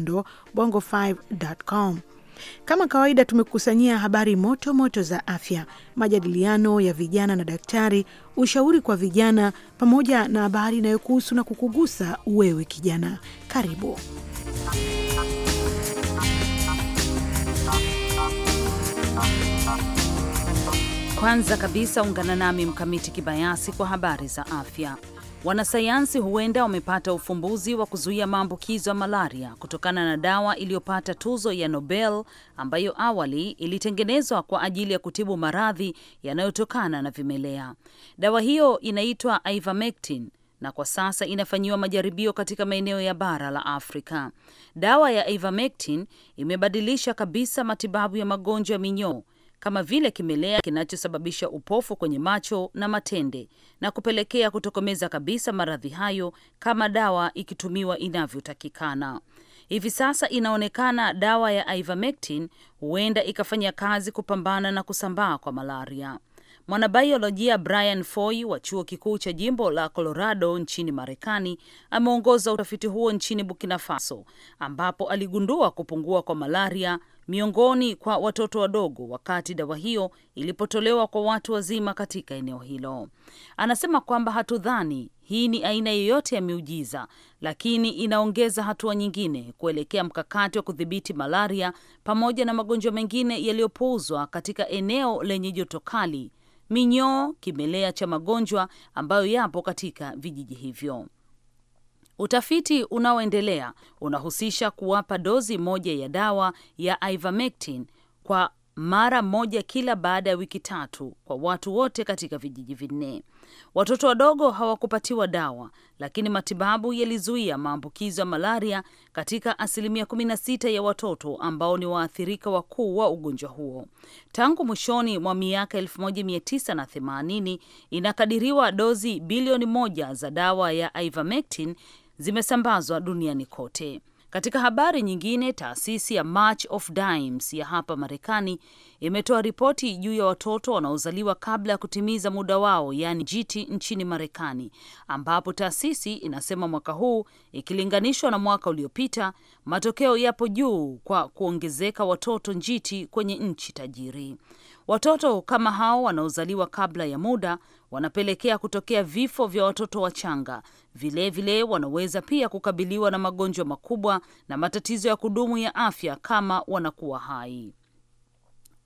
kando bongo5.com. Kama kawaida, tumekusanyia habari moto moto za afya, majadiliano ya vijana na daktari, ushauri kwa vijana, pamoja na habari inayokuhusu na kukugusa wewe kijana. Karibu. Kwanza kabisa ungana nami Mkamiti Kibayasi kwa habari za afya. Wanasayansi huenda wamepata ufumbuzi wa kuzuia maambukizo ya malaria kutokana na dawa iliyopata tuzo ya Nobel ambayo awali ilitengenezwa kwa ajili ya kutibu maradhi yanayotokana na vimelea. Dawa hiyo inaitwa ivermectin na kwa sasa inafanyiwa majaribio katika maeneo ya bara la Afrika. Dawa ya ivermectin imebadilisha kabisa matibabu ya magonjwa ya minyoo kama vile kimelea kinachosababisha upofu kwenye macho na matende na kupelekea kutokomeza kabisa maradhi hayo kama dawa ikitumiwa inavyotakikana. Hivi sasa inaonekana dawa ya ivermectin huenda ikafanya kazi kupambana na kusambaa kwa malaria. Mwanabiolojia Brian Foy wa chuo kikuu cha jimbo la Colorado nchini Marekani ameongoza utafiti huo nchini Burkina Faso, ambapo aligundua kupungua kwa malaria miongoni kwa watoto wadogo wakati dawa hiyo ilipotolewa kwa watu wazima katika eneo hilo. Anasema kwamba hatudhani hii ni aina yoyote ya miujiza, lakini inaongeza hatua nyingine kuelekea mkakati wa kudhibiti malaria pamoja na magonjwa mengine yaliyopuuzwa katika eneo lenye joto kali minyoo, kimelea cha magonjwa ambayo yapo katika vijiji hivyo. Utafiti unaoendelea unahusisha kuwapa dozi moja ya dawa ya ivermectin kwa mara moja kila baada ya wiki tatu kwa watu wote katika vijiji vinne. Watoto wadogo hawakupatiwa dawa, lakini matibabu yalizuia maambukizo ya malaria katika asilimia 16 ya watoto ambao ni waathirika wakuu wa ugonjwa huo. Tangu mwishoni mwa miaka 1980 inakadiriwa dozi bilioni moja za dawa ya ivermectin zimesambazwa duniani kote. Katika habari nyingine, taasisi ya March of Dimes ya hapa Marekani imetoa ripoti juu ya watoto wanaozaliwa kabla ya kutimiza muda wao, yaani jiti, nchini Marekani, ambapo taasisi inasema mwaka huu ikilinganishwa na mwaka uliopita, matokeo yapo juu kwa kuongezeka watoto njiti kwenye nchi tajiri. Watoto kama hao wanaozaliwa kabla ya muda wanapelekea kutokea vifo vya watoto wachanga. Vilevile vile wanaweza pia kukabiliwa na magonjwa makubwa na matatizo ya kudumu ya afya kama wanakuwa hai.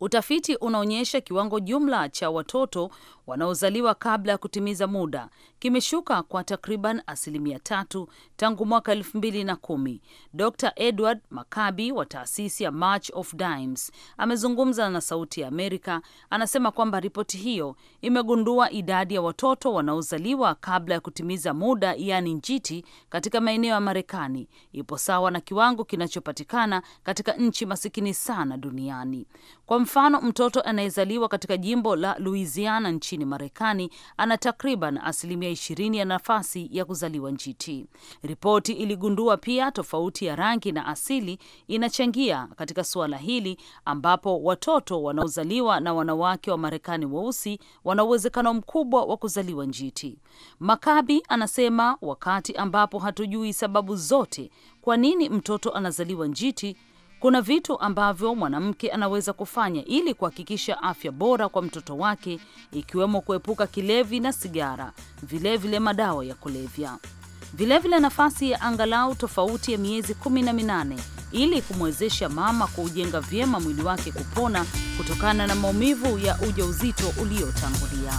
Utafiti unaonyesha kiwango jumla cha watoto wanaozaliwa kabla ya kutimiza muda kimeshuka kwa takriban asilimia tatu tangu mwaka elfu mbili na kumi. Dr Edward Makabi wa taasisi ya March of Dimes amezungumza na Sauti ya Amerika. Anasema kwamba ripoti hiyo imegundua idadi ya watoto wanaozaliwa kabla ya kutimiza muda, yaani njiti, katika maeneo ya Marekani ipo sawa na kiwango kinachopatikana katika nchi masikini sana duniani. Kwa mfano, mtoto anayezaliwa katika jimbo la Louisiana nchini Marekani ana takriban asilimia ishirini ya nafasi ya kuzaliwa njiti. Ripoti iligundua pia tofauti ya rangi na asili inachangia katika suala hili, ambapo watoto wanaozaliwa na wanawake wa Marekani weusi wana uwezekano mkubwa wa kuzaliwa njiti. Makabi anasema wakati ambapo hatujui sababu zote kwa nini mtoto anazaliwa njiti kuna vitu ambavyo mwanamke anaweza kufanya ili kuhakikisha afya bora kwa mtoto wake, ikiwemo kuepuka kilevi na sigara, vilevile vile madawa ya kulevya, vilevile nafasi ya angalau tofauti ya miezi kumi na minane ili kumwezesha mama kuujenga vyema mwili wake kupona kutokana na maumivu ya ujauzito uliotangulia.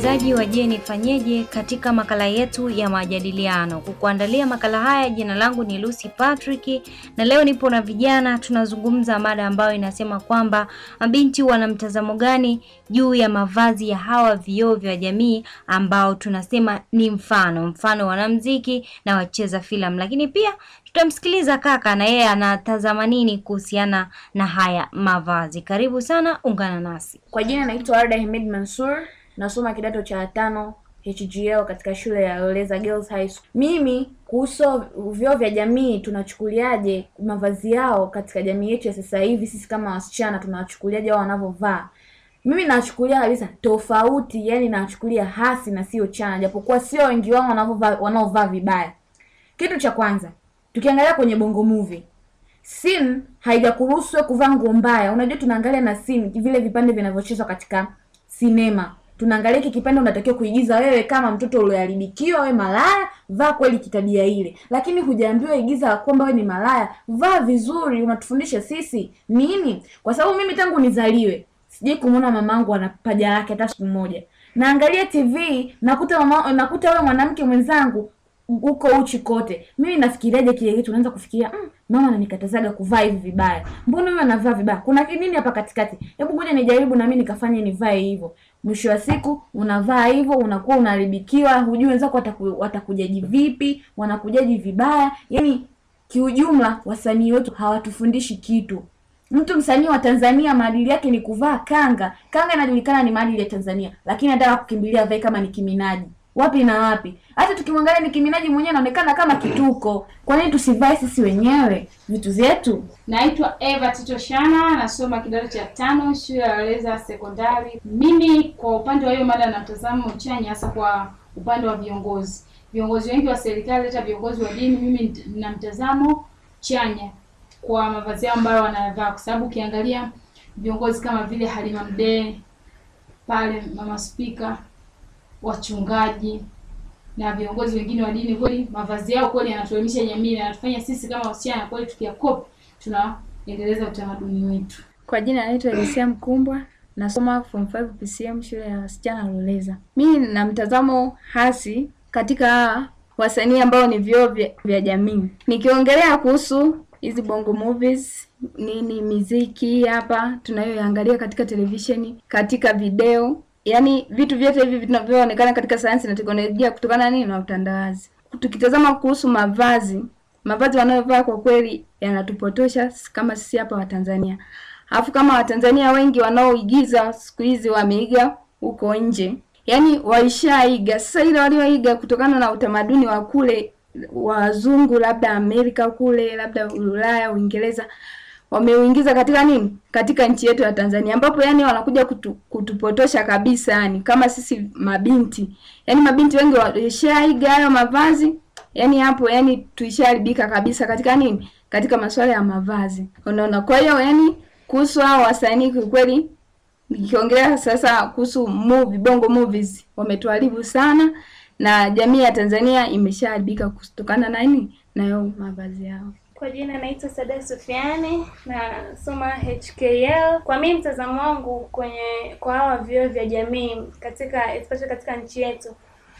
msikilizaji wa Je Nifanyeje katika makala yetu ya majadiliano. Kukuandalia makala haya, jina langu ni Lucy Patrick na leo nipo na vijana, tunazungumza mada ambayo inasema kwamba mabinti wana mtazamo gani juu ya mavazi ya hawa vioo vya jamii ambao tunasema ni mfano mfano wanamuziki na wacheza filamu, lakini pia tutamsikiliza kaka na yeye anatazama nini kuhusiana na haya mavazi. Karibu sana, ungana nasi. Kwa jina naitwa Arda Ahmed Mansour nasoma kidato cha tano HGL katika shule ya Loleza Girls High School. Mimi kuhusu vyoo vya jamii tunachukuliaje mavazi yao katika jamii yetu ya sasa hivi, sisi kama wasichana tunawachukuliaje wao wanavyovaa? Mimi nachukulia kabisa tofauti, yani nachukulia hasi na sio chana, japokuwa sio wengi wao wanaovaa wanaovaa vibaya. Kitu cha kwanza, tukiangalia kwenye Bongo Movie sin haijakuruhusu kuvaa nguo mbaya. Unajua tunaangalia na sin vile vipande vinavyochezwa katika sinema tunaangalia hiki kipande unatakiwa kuigiza wewe kama mtoto ulioharibikiwa, wewe malaya, vaa kweli kitabia ile. Lakini hujaambiwa igiza kwamba wewe ni malaya, vaa vizuri. Unatufundisha sisi nini? Kwa sababu mimi tangu nizaliwe sijai kumwona mamangu ana paja lake hata siku moja. Naangalia TV nakuta mama, nakuta wewe mwanamke mwenzangu huko uchi kote. Mimi nafikiriaje kile kitu? Naanza kufikiria mm, mama ananikatazaga kuvaa hivi vibaya, mbona huyu anavaa vibaya? Kuna nini hapa katikati? Hebu moja nijaribu na mimi nikafanye nivae hivyo mwisho wa siku unavaa hivyo unakuwa unaharibikiwa, hujui wenzako wataku, watakujaji vipi, wanakujaji vibaya. Yani kiujumla, wasanii wetu hawatufundishi kitu. Mtu msanii wa Tanzania maadili yake ni kuvaa kanga. Kanga inajulikana ni maadili ya Tanzania, lakini anataka kukimbilia vae kama ni kiminaji wapi na wapi. Hata tukimwangalia Nicki Minaj mwenyewe anaonekana kama kituko. Kwa nini tusivae sisi wenyewe vitu vyetu? Naitwa Eva Titoshana, nasoma kidato cha tano shule ya Leza Sekondari. Mimi kwa upande wa hiyo mada na mtazamo chanya, hasa kwa upande wa viongozi, viongozi wengi wa serikali, hata viongozi wa dini, mimi na mtazamo chanya kwa mavazi yao ambayo wanavaa, kwa sababu ukiangalia viongozi kama vile Halima Mdee pale, mama spika wachungaji na viongozi wengine wa dini, kweli mavazi yao kweli yanatuelimisha jamii na yanatufanya sisi kama wasichana kweli tukiyakopi tunaendeleza utamaduni wetu. Kwa jina naitwa Elisia Mkumbwa, nasoma form 5 PCM shule ya wasichana Loleza. Mimi na mtazamo hasi katika wasanii ambao ni vioo vya, vya jamii. Nikiongelea kuhusu hizi bongo movies nini miziki hapa tunayoangalia katika televisheni, katika video yaani vitu vyote hivi vinavyoonekana katika sayansi na teknolojia kutokana nini na utandawazi. Tukitazama kuhusu mavazi, mavazi wanayovaa kwa kweli yanatupotosha kama sisi hapa Watanzania. Alafu kama Watanzania wengi wanaoigiza siku hizi wameiga huko nje, yaani waishaiga. Sasa ile walioiga kutokana na utamaduni wa kule wazungu, labda Amerika kule, labda Ulaya, Uingereza wameuingiza katika nini, katika nchi yetu ya Tanzania, ambapo yani wanakuja kutu, kutupotosha kabisa, yani kama sisi mabinti, yani mabinti wengi washaiga hayo mavazi yani hapo yani tuishaharibika kabisa katika nini, katika masuala ya mavazi, unaona. Kwa hiyo yani kuhusu hao wasanii kiukweli, nikiongelea sasa kuhusu movie, bongo movies wametuharibu sana, na jamii ya Tanzania imeshaharibika kutokana na nini, nayo mavazi yao. Kwa jina naitwa Sada Sufiani soma HKL. Kwa mimi mtazamo wangu kwenye kwa hawa vyuo vya jamii katika especially katika nchi yetu,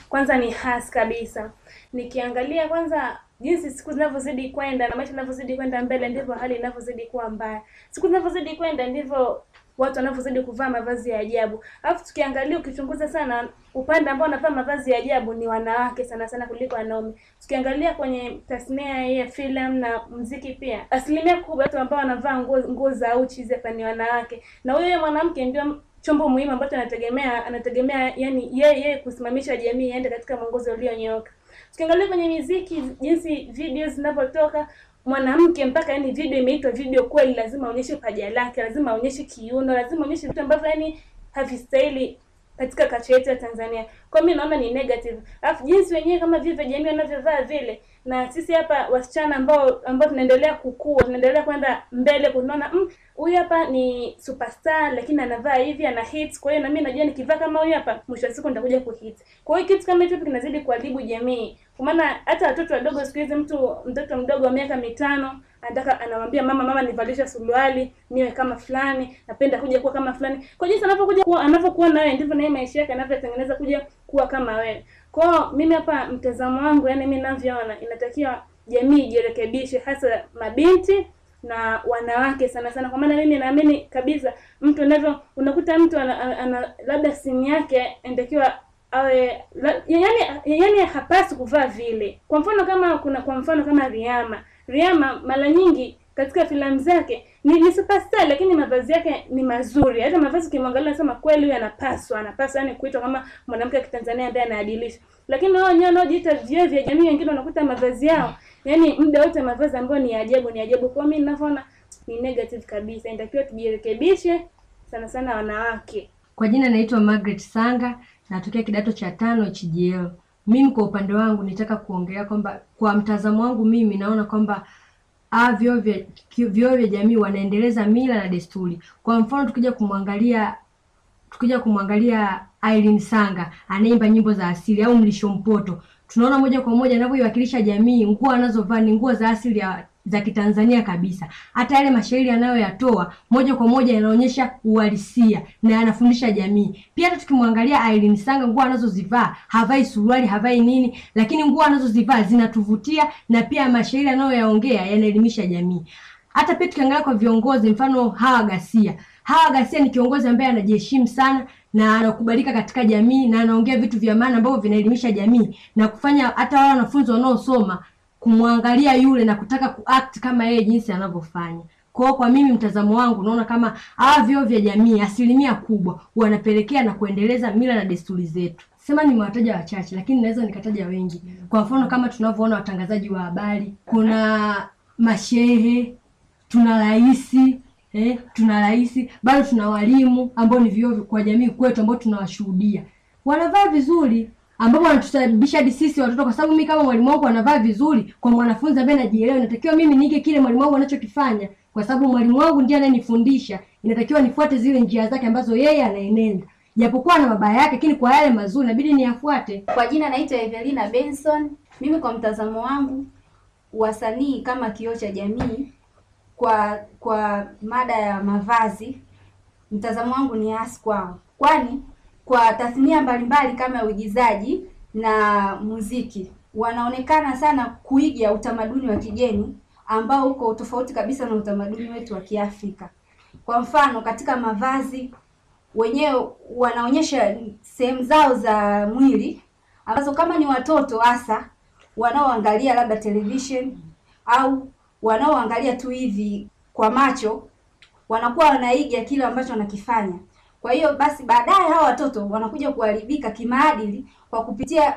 kwanza ni has kabisa. Nikiangalia kwanza jinsi siku zinavyozidi kwenda na maisha yanavyozidi kwenda mbele, ndivyo hali inavyozidi kuwa mbaya. Siku zinavyozidi kwenda ndivyo watu wanavyozidi kuvaa mavazi ya ajabu. Alafu tukiangalia ukichunguza sana upande ambao wanavaa mavazi ya ajabu ni wanawake sana sana kuliko wanaume. Tukiangalia kwenye tasnia ya filamu na muziki pia, asilimia kubwa watu ambao wanavaa nguo nguo za uchi hizi hapa ni wanawake, na huyo mwanamke ndio chombo muhimu ambacho anategemea anategemea yani yeye yeye kusimamisha jamii iende katika mwongozo ulionyooka. Tukiangalia kwenye miziki, jinsi video zinavyotoka, mwanamke mpaka yani video imeitwa video kweli, lazima aonyeshe paja lake, lazima aonyeshe kiuno, lazima aonyeshe vitu ambavyo yani havistahili katika kacha yetu ya Tanzania. Kwa mimi naona ni negative. Alafu jinsi wenyewe kama vile vya jamii wanavyovaa vile na sisi hapa wasichana ambao ambao tunaendelea kukua, tunaendelea kwenda mbele kunaona mm, huyu mm, hapa ni superstar lakini anavaa hivi ana hits. Kwa hiyo na mimi najua nikivaa kama huyu hapa mwisho wa siku nitakuja kuhit. Kwa hiyo kitu kama hicho kinazidi kuharibu jamii. Kwa maana hata watoto wadogo siku hizi, mtu mtoto mdogo wa miaka mitano anataka anamwambia mama, mama nivalisha suruali niwe kama fulani, napenda kuja kuwa kama fulani. Kwa jinsi anavyokuja kuwa anapokuwa na wewe ndivyo naye maisha yake anavyotengeneza kuja kuwa kama wewe. Kwao mimi hapa mtazamo wangu, yani mimi ninavyoona inatakiwa jamii ijirekebishe, hasa mabinti na wanawake sana sana, kwa maana mimi naamini kabisa mtu anavyo, unakuta mtu ana, ana, ana labda simu yake endekiwa awe la, yani, yani hapasi kuvaa vile. Kwa mfano kama kuna kwa mfano kama Riama, Riama mara nyingi katika filamu zake ni, ni superstar lakini mavazi yake ni mazuri. Hata mavazi ukimwangalia nasema kweli huyu anapaswa, anapaswa yani kuitwa kama mwanamke wa Kitanzania ambaye anaadilisha. Lakini wao wenyewe wanaojiita vioo vya jamii, wengine wanakuta mavazi yao yani muda wote mavazi ambayo ni ajabu, ni ajabu. Kwa mimi ninavyoona ni negative kabisa, inatakiwa tujirekebishe, sana sana wanawake. Kwa jina naitwa Margaret Sanga natokea kidato cha tano HGL. Mimi kwa upande wangu nitaka kuongelea kwamba kwa mtazamo wangu mimi naona kwamba vyoo vya jamii wanaendeleza mila na desturi. Kwa mfano tukija kumwangalia tukija kumwangalia Irene Sanga anaimba nyimbo za asili au Mlisho Mpoto, tunaona moja kwa moja anavyoiwakilisha jamii. Nguo anazovaa ni nguo za asili ya za Kitanzania kabisa. Hata yale mashairi anayoyatoa moja kwa moja yanaonyesha uhalisia na yanafundisha jamii. Pia hata tukimwangalia Aileen Sanga, nguo anazozivaa havai suruali, havai nini, lakini nguo anazozivaa zinatuvutia na pia mashairi anayoyaongea yanaelimisha jamii. Hata pia tukiangalia kwa viongozi, mfano Hawa Ghasia. Hawa Ghasia ni kiongozi ambaye anajiheshimu sana na anakubalika katika jamii na anaongea vitu vya maana ambavyo vinaelimisha jamii na kufanya hata wale wanafunzi wanaosoma kumwangalia yule na kutaka kuact kama yeye jinsi anavyofanya. Kwa kwa mimi mtazamo wangu naona kama hawa vyoo vya jamii asilimia kubwa wanapelekea na kuendeleza mila na desturi zetu. Sema nimewataja wachache, lakini naweza nikataja wengi. Kwa mfano kama tunavyoona watangazaji wa habari, kuna mashehe, tuna raisi eh, tuna raisi bado tuna walimu ambao ni vyuo kwa jamii kwetu ambao tunawashuhudia wanavaa vizuri ambapo wanatusababisha hadi sisi watoto, kwa sababu mimi kama mwalimu wangu anavaa vizuri, kwa mwanafunzi ambaye anajielewa, inatakiwa mimi nige kile mwalimu wangu anachokifanya, kwa sababu mwalimu wangu ndiye anayenifundisha. Inatakiwa nifuate zile njia zake ambazo yeye anaenenda, japokuwa na mabaya yake, lakini kwa yale mazuri inabidi niyafuate. Kwa jina naitwa Evelina Benson. Mimi kwa mtazamo wangu, wasanii kama kioo cha jamii kwa kwa mada ya mavazi, mtazamo wangu ni hasi kwao, kwani kwa tasnia mbalimbali kama ya uigizaji na muziki. Wanaonekana sana kuiga utamaduni wa kigeni ambao uko tofauti kabisa na utamaduni wetu wa Kiafrika. Kwa mfano, katika mavazi wenyewe wanaonyesha sehemu zao za mwili ambazo kama ni watoto hasa wanaoangalia labda television au wanaoangalia tu hivi kwa macho, wanakuwa wanaiga kile ambacho wanakifanya. Kwa hiyo basi baadaye hao watoto wanakuja kuharibika kimaadili kwa kupitia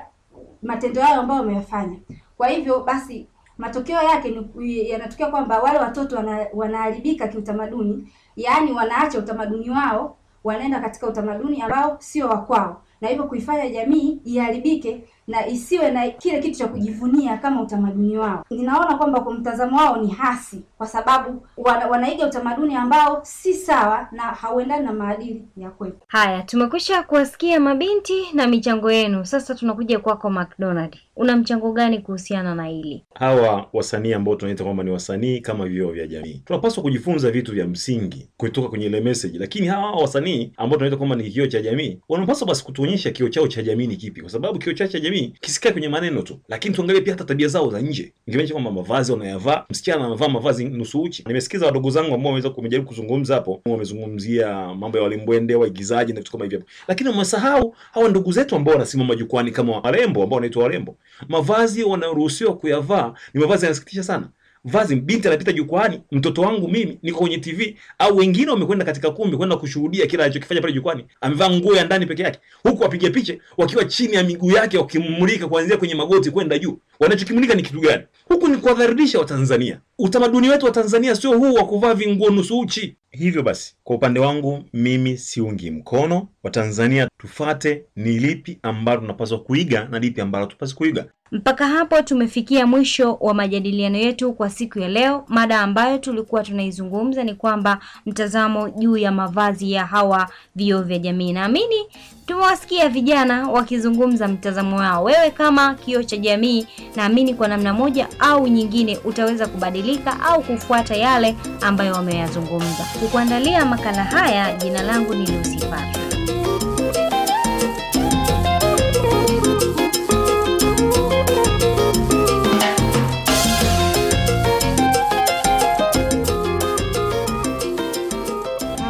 matendo yao ambayo wameyafanya. Kwa hivyo basi matokeo yake ni yanatokea kwamba wale watoto wana, wanaharibika kiutamaduni, yaani wanaacha utamaduni wao, wanaenda katika utamaduni ambao sio wa kwao, na hivyo kuifanya jamii iharibike na isiwe na kile kitu cha kujivunia kama utamaduni wao. Ninaona kwamba kwa mtazamo wao ni hasi, kwa sababu wana, wanaiga utamaduni ambao si sawa na hauendani na maadili ya kwetu. Haya, tumekwisha kuwasikia mabinti na michango yenu, sasa tunakuja kwako McDonald, una mchango gani kuhusiana na hili? Hawa wasanii ambao tunaita kwamba ni wasanii kama vioo vya jamii, tunapaswa kujifunza vitu vya msingi kutoka kwenye ile message, lakini hawa wasanii ambao tunaita kwamba ni kioo cha jamii, wanapaswa basi kutuonyesha kioo chao cha jamii ni kipi, kwa sababu kioo chao cha jamii jamii kisikia kwenye maneno tu, lakini tuangalie pia hata tabia zao za nje, ingemeacha kwamba mavazi wanayavaa, msichana anavaa mavazi nusu uchi. Nimesikiza wadogo zangu ambao wameweza kumejaribu kuzungumza hapo, wamezungumzia mambo ya walimbwende, waigizaji na vitu kama hivyo hapo, lakini wamesahau hawa ndugu zetu ambao wanasimama jukwani kama warembo ambao wanaitwa warembo. Mavazi wanaruhusiwa kuyavaa ni mavazi yanasikitisha sana vazi, binti anapita jukwani, mtoto wangu mimi niko kwenye TV, au wengine wamekwenda katika kumbi kwenda kushuhudia kila alichokifanya pale jukwani. Amevaa nguo ya ndani peke yake, huku wapiga picha wakiwa chini ya miguu yake, wakimulika kuanzia kwenye magoti kwenda juu. Wanachokimulika ni kitu gani? Huku ni kuwadharidisha Watanzania. Utamaduni wetu wa Tanzania sio huu wa kuvaa vinguo nusu uchi. Hivyo basi kwa upande wangu mimi siungi mkono. Watanzania tufate ni lipi ambalo tunapaswa kuiga na lipi ambalo tupasi kuiga. Mpaka hapo tumefikia mwisho wa majadiliano yetu kwa siku ya leo. Mada ambayo tulikuwa tunaizungumza ni kwamba mtazamo juu ya mavazi ya hawa vio vya jamii. Naamini tumewasikia vijana wakizungumza mtazamo wao. Wewe kama kio cha jamii, naamini kwa namna moja au nyingine utaweza kubadilika au kufuata yale ambayo wameyazungumza. Kukuandalia makala haya. Jina langu ni Lucy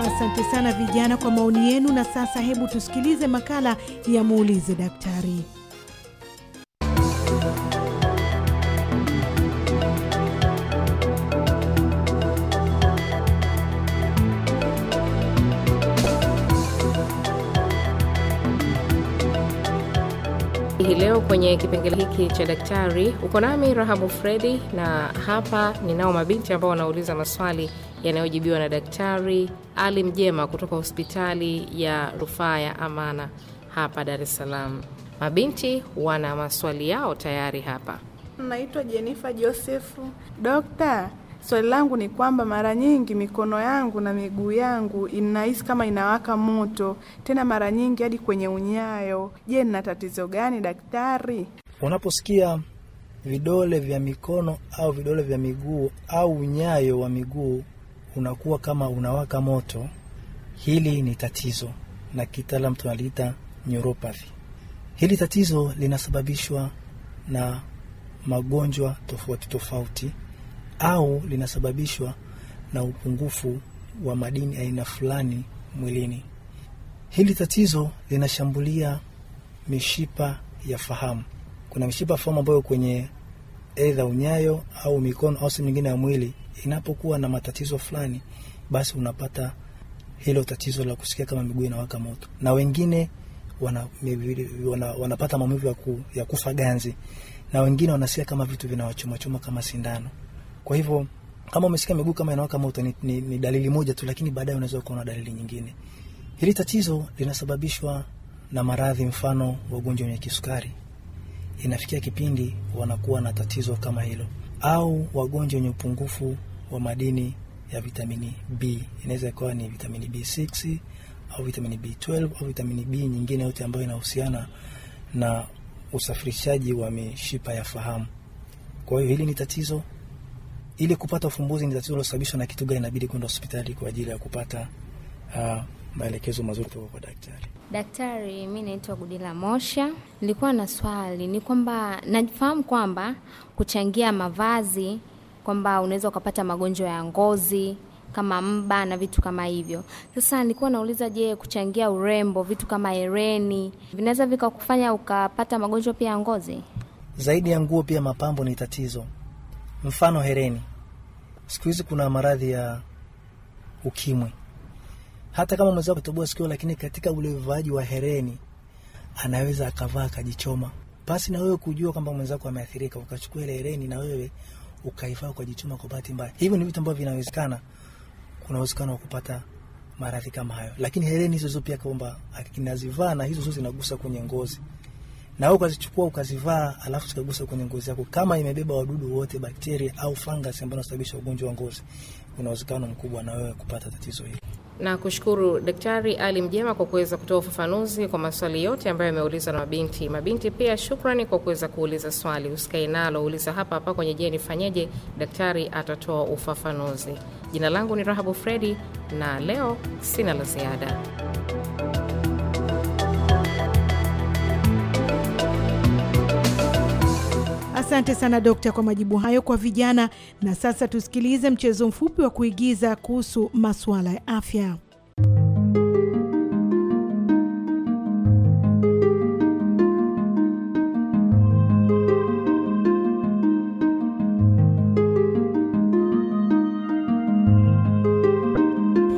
Asante sana vijana kwa maoni yenu, na sasa hebu tusikilize makala ya muulize daktari. hii leo kwenye kipengele hiki cha daktari uko nami Rahabu Fredi, na hapa ninao mabinti ambao wanauliza maswali yanayojibiwa na Daktari Ali Mjema kutoka hospitali ya rufaa ya Amana hapa Dar es Salaam. Mabinti wana maswali yao tayari hapa. Naitwa Jenifa Josefu. Dokta, Swali langu ni kwamba mara nyingi mikono yangu na miguu yangu inahisi kama inawaka moto, tena mara nyingi hadi kwenye unyayo. Je, nina tatizo gani daktari? Unaposikia vidole vya mikono au vidole vya miguu au unyayo wa miguu unakuwa kama unawaka moto, hili ni tatizo, na kitaalam tunaliita neuropathy. Hili tatizo linasababishwa na magonjwa tofauti tofauti au linasababishwa na upungufu wa madini aina fulani mwilini. Hili tatizo linashambulia mishipa ya fahamu. Kuna mishipa fahamu ambayo kwenye edha unyayo au mikono au sehemu nyingine ya mwili inapokuwa na matatizo fulani, basi unapata hilo tatizo la kusikia kama miguu inawaka moto, na wengine wana, wana, wanapata maumivu ya kufa ganzi, na wengine wanasikia kama vitu vinawachomachoma kama sindano. Kwa hivyo kama umesikia miguu kama inawaka moto ni, ni, ni dalili moja tu, lakini baadaye unaweza kuona dalili nyingine. Hili tatizo linasababishwa na maradhi, mfano wa ugonjwa wenye kisukari inafikia kipindi wanakuwa na tatizo kama hilo, au wagonjwa wenye upungufu wa madini ya vitamini B, inaweza ikawa ni vitamini B6 au vitamini B12 au vitamini B nyingine yote ambayo inahusiana na usafirishaji wa mishipa ya fahamu. Kwa hiyo hili ni tatizo ili kupata ufumbuzi ni tatizo lilosababishwa na kitu gani, inabidi kwenda hospitali kwa ajili ya kupata uh, maelekezo mazuri kutoka kwa daktari. Daktari, mi naitwa Gudila Mosha. Nilikuwa na swali, ni kwamba nafahamu kwamba kuchangia mavazi kwamba unaweza ukapata magonjwa ya ngozi kama mba na vitu kama hivyo. Sasa nilikuwa nauliza, je, kuchangia urembo, vitu kama hereni vinaweza vikakufanya ukapata magonjwa pia ya ngozi? Zaidi ya nguo, pia mapambo ni tatizo mfano hereni. Siku hizi kuna maradhi ya ukimwi, hata kama mwenzako kutoboa sikio, lakini katika ule uvaaji wa hereni anaweza akavaa akajichoma, basi na wewe kujua kwamba mwenzako ameathirika, ukachukua ile hereni na wewe ukaivaa ukajichoma kwa bahati mbaya. Hivyo ni vitu ambavyo vinawezekana, kuna uwezekano wa kupata maradhi kama hayo, lakini hereni hizo hizo pia kwamba akinazivaa na hizo hizo zinagusa kwenye ngozi na wewe ukazichukua ukazivaa, alafu zikagusa kwenye ngozi yako, kama imebeba wadudu wote, bakteria au fungus ambao unasababisha ugonjwa wa ngozi, kuna uwezekano mkubwa na wewe kupata tatizo hili. Na kushukuru Daktari Ali Mjema kwa kuweza kutoa ufafanuzi kwa maswali yote ambayo yameulizwa na mabinti. Mabinti pia shukrani kwa kuweza kuuliza swali, usikae nalo, uliza hapa hapa kwenye Je Nifanyeje, daktari atatoa ufafanuzi. Jina langu ni Rahabu Fredi na leo sina la ziada. Asante sana dokta kwa majibu hayo kwa vijana. Na sasa tusikilize mchezo mfupi wa kuigiza kuhusu masuala ya afya.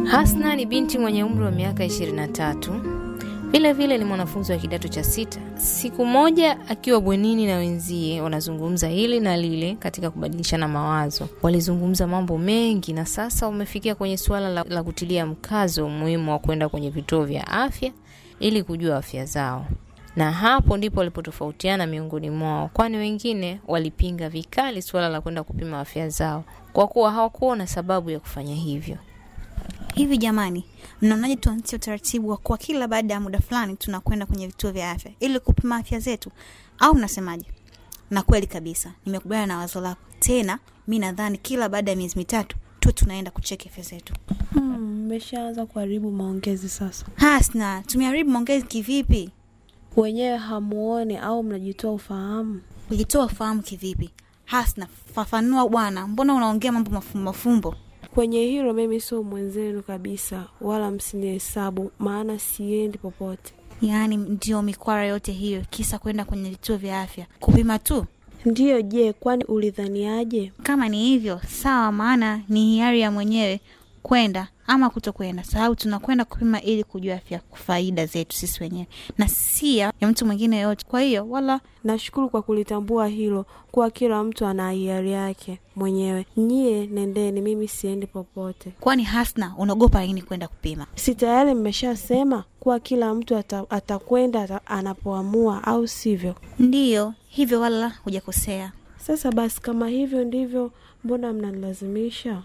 Hasna ni binti mwenye umri wa miaka 23 vile vile ni mwanafunzi wa kidato cha sita. Siku moja akiwa bwenini na wenzie wanazungumza hili na lile katika kubadilishana mawazo, walizungumza mambo mengi, na sasa wamefikia kwenye suala la, la kutilia mkazo umuhimu wa kwenda kwenye vituo vya afya ili kujua afya zao, na hapo ndipo walipotofautiana miongoni mwao, kwani wengine walipinga vikali suala la kwenda kupima afya zao kwa kuwa hawakuona sababu ya kufanya hivyo. Hivi jamani, mnaonaje tuanzie utaratibu wa kwa kila baada ya muda fulani tunakwenda kwenye vituo vya afya ili kupima afya zetu, au mnasemaje? Na kweli kabisa, nimekubaliana na wazo lako. Tena mi nadhani kila baada ya miezi mitatu tu tunaenda kucheki afya zetu. Hmm, mmeshaanza hmm, kuharibu maongezi sasa. Hasna, tumeharibu maongezi kivipi? Wenyewe hamuone au mnajitoa ufahamu? Kujitoa ufahamu kivipi? Hasna, fafanua bwana, mbona unaongea mambo mafumbo mafumbo? Kwenye hilo mimi sio mwenzenu kabisa, wala msinihesabu, maana siendi popote. Yaani ndiyo mikwara yote hiyo, kisa kwenda kwenye vituo vya afya kupima tu? Ndiyo. Je, kwani ulidhaniaje? Kama ni hivyo sawa, maana ni hiari ya mwenyewe kwenda ama kutokwenda. Sababu tunakwenda kupima ili kujua afya faida zetu sisi wenyewe na sia ya mtu mwingine yoyote. Kwa hiyo wala, nashukuru kwa kulitambua hilo kuwa kila mtu ana hiari yake mwenyewe. Nyie nendeni, mimi siendi popote. Kwani Hasna unaogopa lakini kwenda kupima? Si tayari mmeshasema kuwa kila mtu atakwenda ata anapoamua, au sivyo? Ndiyo hivyo, wala hujakosea. Sasa basi, kama hivyo ndivyo, mbona mnanilazimisha?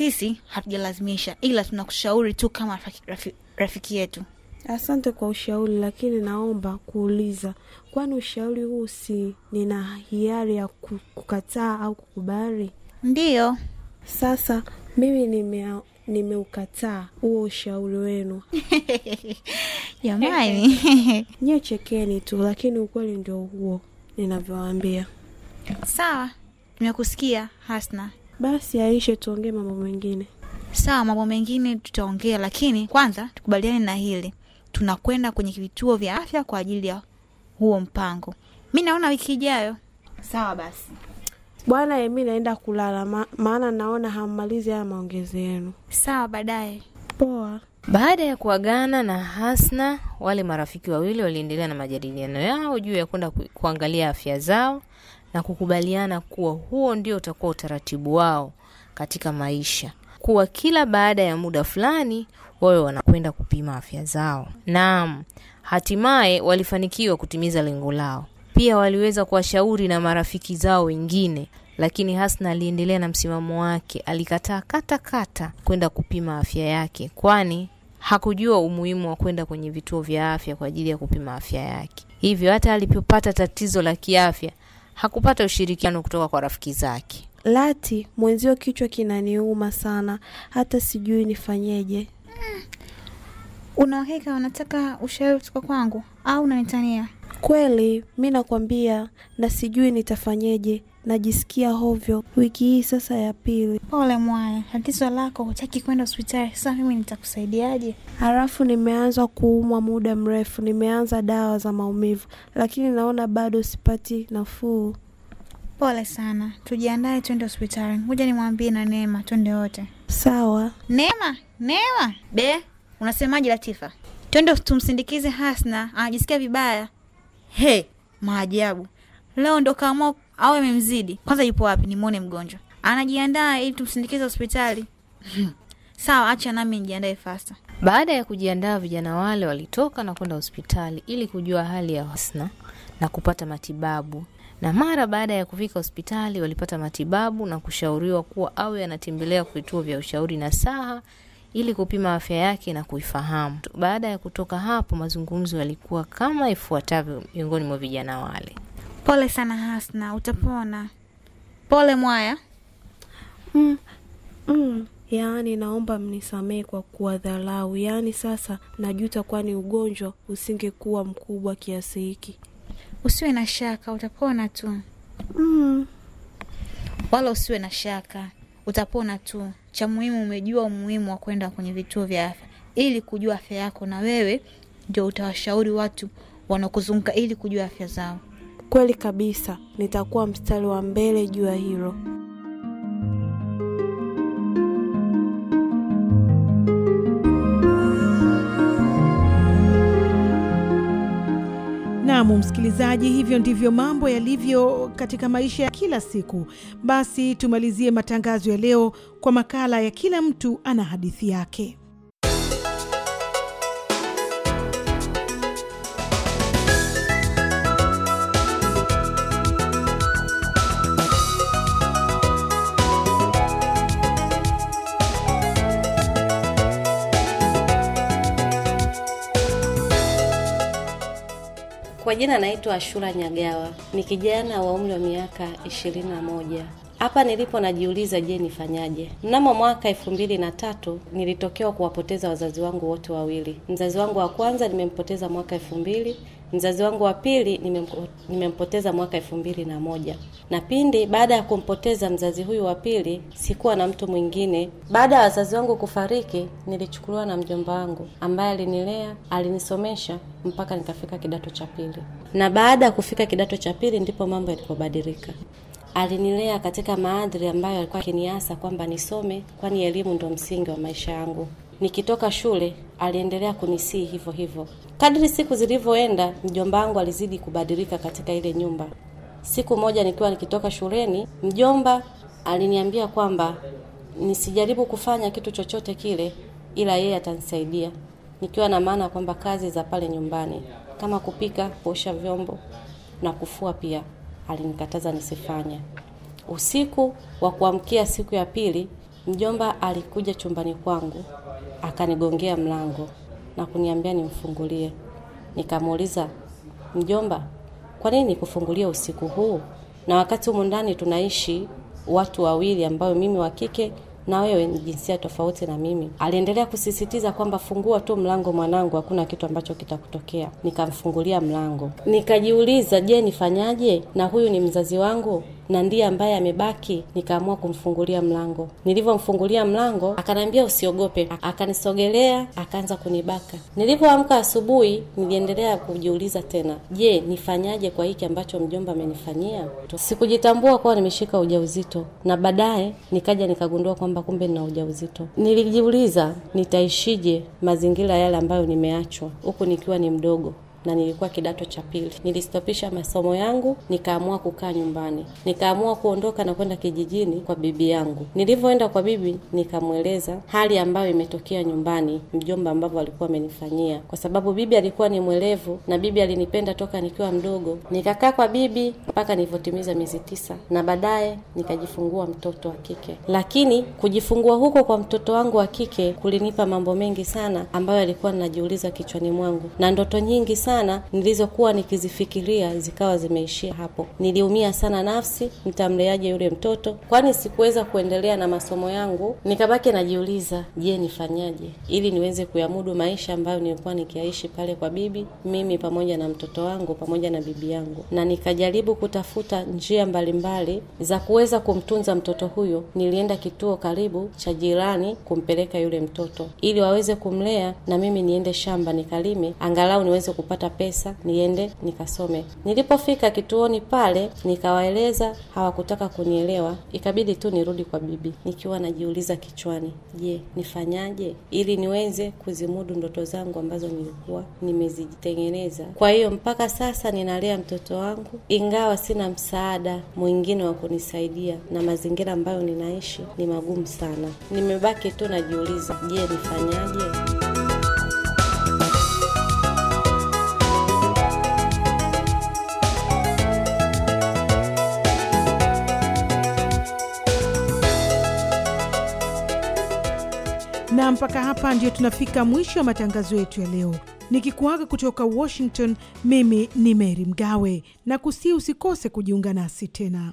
Sisi hatujalazimisha, ila tunakushauri tu kama rafiki, rafiki yetu. Asante kwa ushauri, lakini naomba kuuliza, kwani ushauri huu si nina hiari ya kukataa au kukubali? Ndiyo. Sasa mimi nime nimeukataa huo ushauri wenu jamani. Nyiwe chekeni tu, lakini ukweli ndio huo ninavyowambia Sawa, nimekusikia Hasna. Basi aishe, tuongee mambo mengine. Sawa, mambo mengine tutaongea, lakini kwanza tukubaliane na hili, tunakwenda kwenye vituo vya afya kwa ajili ya huo mpango. Mi naona wiki ijayo. Sawa basi. Bwana emi eh, naenda kulala ma, maana naona hammalizi haya maongezi yenu. Sawa, baadaye. Poa. Baada ya kuagana na Hasna, wale marafiki wawili waliendelea na majadiliano yao juu ya kwenda kuangalia afya zao na kukubaliana kuwa huo ndio utakuwa utaratibu wao katika maisha, kuwa kila baada ya muda fulani wawe wanakwenda kupima afya zao. Naam, hatimaye walifanikiwa kutimiza lengo lao. Pia waliweza kuwashauri na marafiki zao wengine, lakini Hasna aliendelea na msimamo wake. Alikataa kata kata kwenda kupima afya yake, kwani hakujua umuhimu wa kwenda kwenye vituo vya afya kwa ajili ya kupima afya yake. Hivyo hata alipopata tatizo la kiafya hakupata ushirikiano kutoka kwa rafiki zake. Lati mwenzio, kichwa kinaniuma sana, hata sijui nifanyeje. Mm. Una unataka ushauri kutoka kwangu au unanitania? Kweli mi nakwambia, na sijui nitafanyeje najisikia hovyo wiki hii sasa ya pili. Pole mwaya, tatizo lako hutaki kwenda hospitali. Sasa mimi nitakusaidiaje? Halafu nimeanza kuumwa muda mrefu, nimeanza dawa za maumivu, lakini naona bado sipati nafuu. Pole sana, tujiandae twende hospitali. Ngoja nimwambie na Neema twende wote. Sawa. Neema, Neema be, unasemaje Latifa? Twende tumsindikize Hasna, anajisikia vibaya. He, maajabu! Leo ndo kaamua au imemzidi. Kwanza yupo wapi? Nimwone mgonjwa. Anajiandaa ili tumsindikize hospitali. Sawa, acha nami nijiandae fasta. Baada ya kujiandaa, vijana wale walitoka na kwenda hospitali ili kujua hali ya Hasna na kupata matibabu. Na mara baada ya kufika hospitali, walipata matibabu na kushauriwa kuwa awe anatembelea vituo vya ushauri na saha ili kupima afya yake na kuifahamu. Baada ya kutoka hapo, mazungumzo yalikuwa kama ifuatavyo miongoni mwa vijana wale. Pole sana Hasna, utapona. Pole Mwaya. Mm, mm, yaani naomba mnisamehe kwa kuwadharau, yaani sasa najuta, kwani ugonjwa usingekuwa mkubwa kiasi hiki. Usiwe na shaka, utapona tu. Mm, wala usiwe na shaka, utapona tu. Cha muhimu umejua umuhimu wa kwenda kwenye vituo vya afya ili kujua afya yako, na wewe ndio utawashauri watu wanaokuzunguka ili kujua afya zao. Kweli kabisa, nitakuwa mstari wa mbele juu ya hilo. msikilizaji, hivyo ndivyo mambo yalivyo katika maisha ya kila siku. Basi tumalizie matangazo ya leo kwa makala ya kila mtu ana hadithi yake. Kwa jina naitwa Ashura Nyagawa, ni kijana wa umri wa miaka 21. Hapa nilipo najiuliza, je, nifanyaje? Mnamo mwaka elfu mbili na tatu nilitokewa kuwapoteza wazazi wangu wote wawili. Mzazi wangu wa kwanza nimempoteza mwaka elfu mbili Mzazi wangu wa pili nimempoteza mwaka elfu mbili na moja na pindi baada ya kumpoteza mzazi huyu wa pili sikuwa na mtu mwingine. Baada ya wazazi wangu kufariki, nilichukuliwa na mjomba wangu ambaye alinilea, alinisomesha mpaka nikafika kidato cha pili, na baada ya kufika kidato cha pili ndipo mambo yalipobadilika. Alinilea katika maadhiri ambayo alikuwa akiniasa kwamba nisome, kwani elimu ndo msingi wa maisha yangu. Nikitoka shule aliendelea kunisii hivyo hivyo. Kadri siku zilivyoenda, mjomba wangu alizidi kubadilika katika ile nyumba. Siku moja nikiwa nikitoka shuleni, mjomba aliniambia kwamba nisijaribu kufanya kitu chochote kile, ila yeye atanisaidia, nikiwa na maana kwamba kazi za pale nyumbani kama kupika, kuosha vyombo na kufua pia alinikataza nisifanye. Usiku wa kuamkia siku ya pili Mjomba alikuja chumbani kwangu akanigongea mlango na kuniambia nimfungulie. Nikamuuliza, mjomba, kwa nini nikufungulia usiku huu na wakati humu ndani tunaishi watu wawili, ambayo mimi wa kike na wewe ni jinsia tofauti na mimi. Aliendelea kusisitiza kwamba fungua tu mlango mwanangu, hakuna kitu ambacho kitakutokea. Nikamfungulia mlango, nikajiuliza, je, nifanyaje? Na huyu ni mzazi wangu, na ndiye ambaye amebaki, nikaamua kumfungulia mlango. Nilivyomfungulia mlango, akaniambia usiogope, akanisogelea, akaanza kunibaka. Nilivyoamka asubuhi, niliendelea kujiuliza tena, je, nifanyaje kwa hiki ambacho mjomba amenifanyia? Sikujitambua kuwa nimeshika ujauzito, na baadaye nikaja nikagundua kwamba kumbe nina ujauzito. Nilijiuliza nitaishije mazingira yale ambayo nimeachwa huku nikiwa ni mdogo na nilikuwa kidato cha pili. Nilistopisha masomo yangu, nikaamua kukaa nyumbani, nikaamua kuondoka na kwenda kijijini kwa bibi yangu. Nilivyoenda kwa bibi, nikamweleza hali ambayo imetokea nyumbani, mjomba ambavyo alikuwa amenifanyia, kwa sababu bibi alikuwa ni mwelevu na bibi alinipenda toka nikiwa mdogo. Nikakaa kwa bibi mpaka nilivyotimiza miezi tisa, na baadaye nikajifungua mtoto wa kike. Lakini kujifungua huko kwa mtoto wangu wa kike kulinipa mambo mengi sana ambayo alikuwa ninajiuliza kichwani mwangu na ndoto nyingi sana sana nilizokuwa nikizifikiria zikawa zimeishia hapo. Niliumia sana nafsi, nitamleaje yule mtoto? Kwani sikuweza kuendelea na masomo yangu, nikabaki najiuliza, je, nifanyaje ili niweze kuyamudu maisha ambayo nilikuwa nikiaishi pale kwa bibi, mimi pamoja na mtoto wangu pamoja na bibi yangu, na nikajaribu kutafuta njia mbalimbali mbali za kuweza kumtunza mtoto huyo. Nilienda kituo karibu cha jirani kumpeleka yule mtoto ili waweze kumlea na mimi niende shamba nikalime, angalau niweze kupata kupata pesa niende nikasome. Nilipofika kituoni pale, nikawaeleza, hawakutaka kunielewa, ikabidi tu nirudi kwa bibi nikiwa najiuliza kichwani, je, nifanyaje ili niweze kuzimudu ndoto zangu ambazo nilikuwa nimezitengeneza. Kwa hiyo mpaka sasa ninalea mtoto wangu, ingawa sina msaada mwingine wa kunisaidia, na mazingira ambayo ninaishi ni magumu sana. Nimebaki tu najiuliza, je, nifanyaje? na mpaka hapa ndio tunafika mwisho wa matangazo yetu ya leo, nikikuaga kutoka Washington. Mimi ni Meri Mgawe na kusii, usikose kujiunga nasi tena.